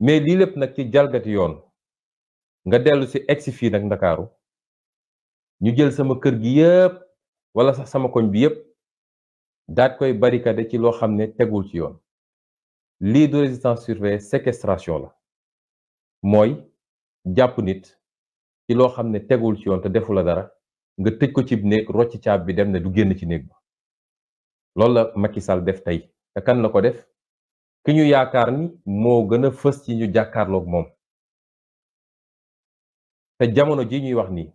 mais lii lépp nag ci jalgati yoon nga dellu si egsi fii nag ndakaaru ñu jël sama kër gi yépp wala sax sama koñ bi yépp daat koy barricade ci loo xam ne tegul ci yoon lii du résistance surveillée séquestration la mooy jàpp nit ci loo xam ne tegul ci yoon te defu la dara nga tëj ko ci néeg rocc caab bi dem ne du génn ci néeg ba loolu la Macky Sall def tey te kan la ko def ki ñu yaakaar ni moo gën a fës ci ñu jàkkaarloog moom te jamono ji ñuy wax nii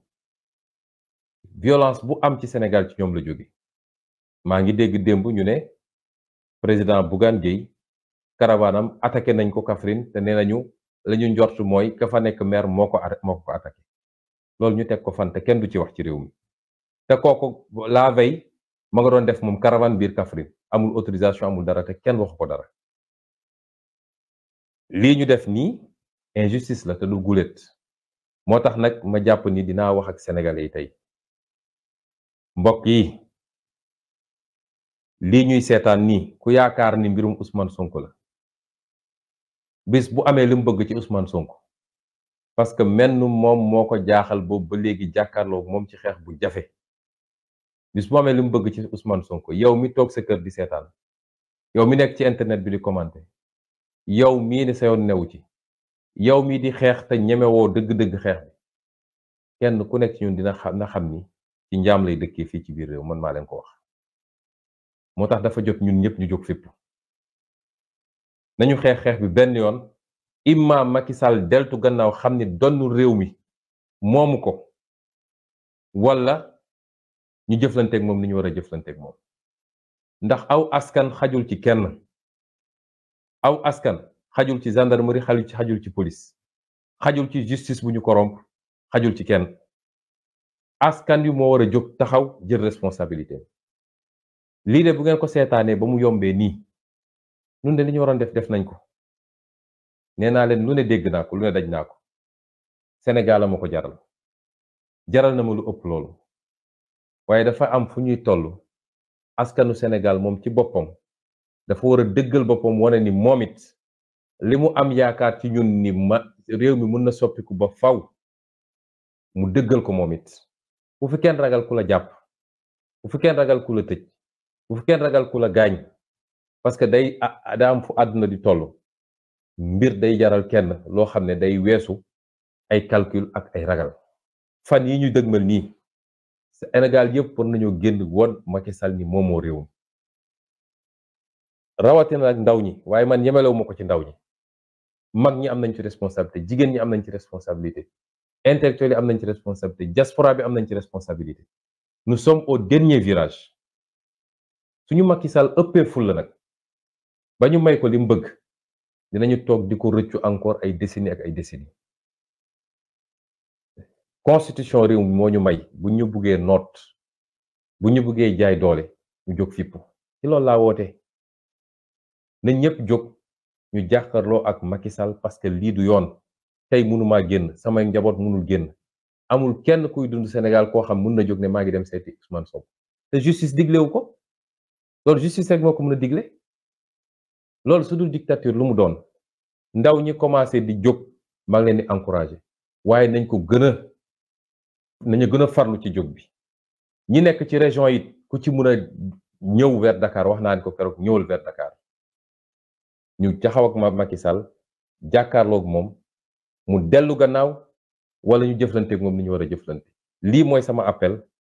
violence bu am ci senegal ci ñoom la jóge maa ngi dégg démb ñu ne président Bougane Gueye karawaanam attaqué nañ ko Kaffrine te nee nañu la ñu mooy ka fa nekk maire moo ko moo ko ñu teg ko fan te kenn du ci wax ci réew mi te kooku la veille ma nga doon def moom karawan biir Kaffrine amul autorisation amul dara te kenn waxu ko dara lii ñu def nii injustice la te du gulet moo tax nag ma jàpp ni dinaa wax ak sénégalais yi tey mbokk yi lii ñuy seetaan nii ku yaakaar ni mbirum Ousmane sunk la bis bu amee li mu bëgg ci Ousmane Sonko parce que menn moom moo ko jaaxal boobu ba léegi jàkkaarloo moom ci xeex bu jafe bis bu amee li mu bëgg ci Ousmane Sonko yow mi toog sa kër di seetaan yow mi nekk ci internet bi di commenter yow mii ne sa yoon newu ci yow mii di xeex te ñemewoo dëgg-dëgg xeex bi kenn ku nekk ci ñun dina xam na xam ni ci njaam lay dëkkee fii ci biir réew man maa leen ko wax moo tax dafa jot ñun ñëpp ñu jóg fépp nañu xeex xeex bi benn yoon imma Macky Sall deltu gannaaw xam ni donnu réew mi moomu ko walla ñu jëflanteeg moom ni ñu war a jëflanteeg moom ndax aw askan xajul ci kenn aw askan xajul ci gendarmerie xajul ci xajul ci police xajul ci justice bu ñu corrompre xajul ci kenn askan yu moo war a jóg taxaw jël responsabilité lii de bu ngeen ko seetaanee ba mu yombee nii nun de li waroon def def nañ ko nee naa leen lu ne dégg naa ko lu ne daj naa ko Sénégal ko jaral jaral na ma lu ëpp loolu waaye dafa am fu ñuy toll askanu Sénégal moom ci boppam dafa war a dëggal boppam wane ni moomit li mu am yaakaar ci ñun ni ma réew mi mën na soppiku ba faw mu dëggal ko moom it bu fi kenn ragal ku la jàpp bu fi kenn ragal ku la tëj bu fi kenn ragal ku la gaañ parce que day ah, ah, daa am fu àdduna di toll mbir day jaral kenn loo xam ne day weesu ay calcul ak ay ragal fan yi ñu dëgmal nii Sénégal yëpp war nañoo génn woon Macky Sall ni moomoo réewam rawatina nag ndaw ñi waaye man yemelewu ma ko ci ndaw ñi mag ñi am nañ ci responsabilité jigéen ñi am nañ ci responsabilité intellectuels yi am nañ ci responsabilité diaspora bi am nañ ci responsabilité nous sommes au dernier virage suñu Macky Sall ëppee ful la nag ba ñu may ko li mu bëgg dinañu toog di ko rëccu encore ay décennies ak ay décennies constitution réew moo ñu may bu ñu buggee noot bu ñu buggee jaay doole ñu jóg fipp ci loolu laa woote nañ ñëpp jóg ñu jàkkaarloo ak Macky Sall parce que lii du yoon tey mënumaa génn samay njaboot mënul génn amul kenn kuy dund Sénégal koo xam mun na jóg ne maa ngi dem seeti Ousmane Sonko te justice diglewu ko loolu justice rek moo ko mën a digle loolu su dul dictature lu mu doon ndaw ñi commencé di jóg maa ngi leen di encouragé waaye nañ ko gën a nañu gën a farlu ci jóg bi ñi nekk ci région yi ku ci mun a ñëw vers Dakar wax naa ne ko keroog ñëwal vers Dakar ñu jaxaw ma Macky Sall jàkkaarloog moom mu dellu gannaaw wala ñu jëflanteeg moom ni ñu war a jëflante lii mooy sama appel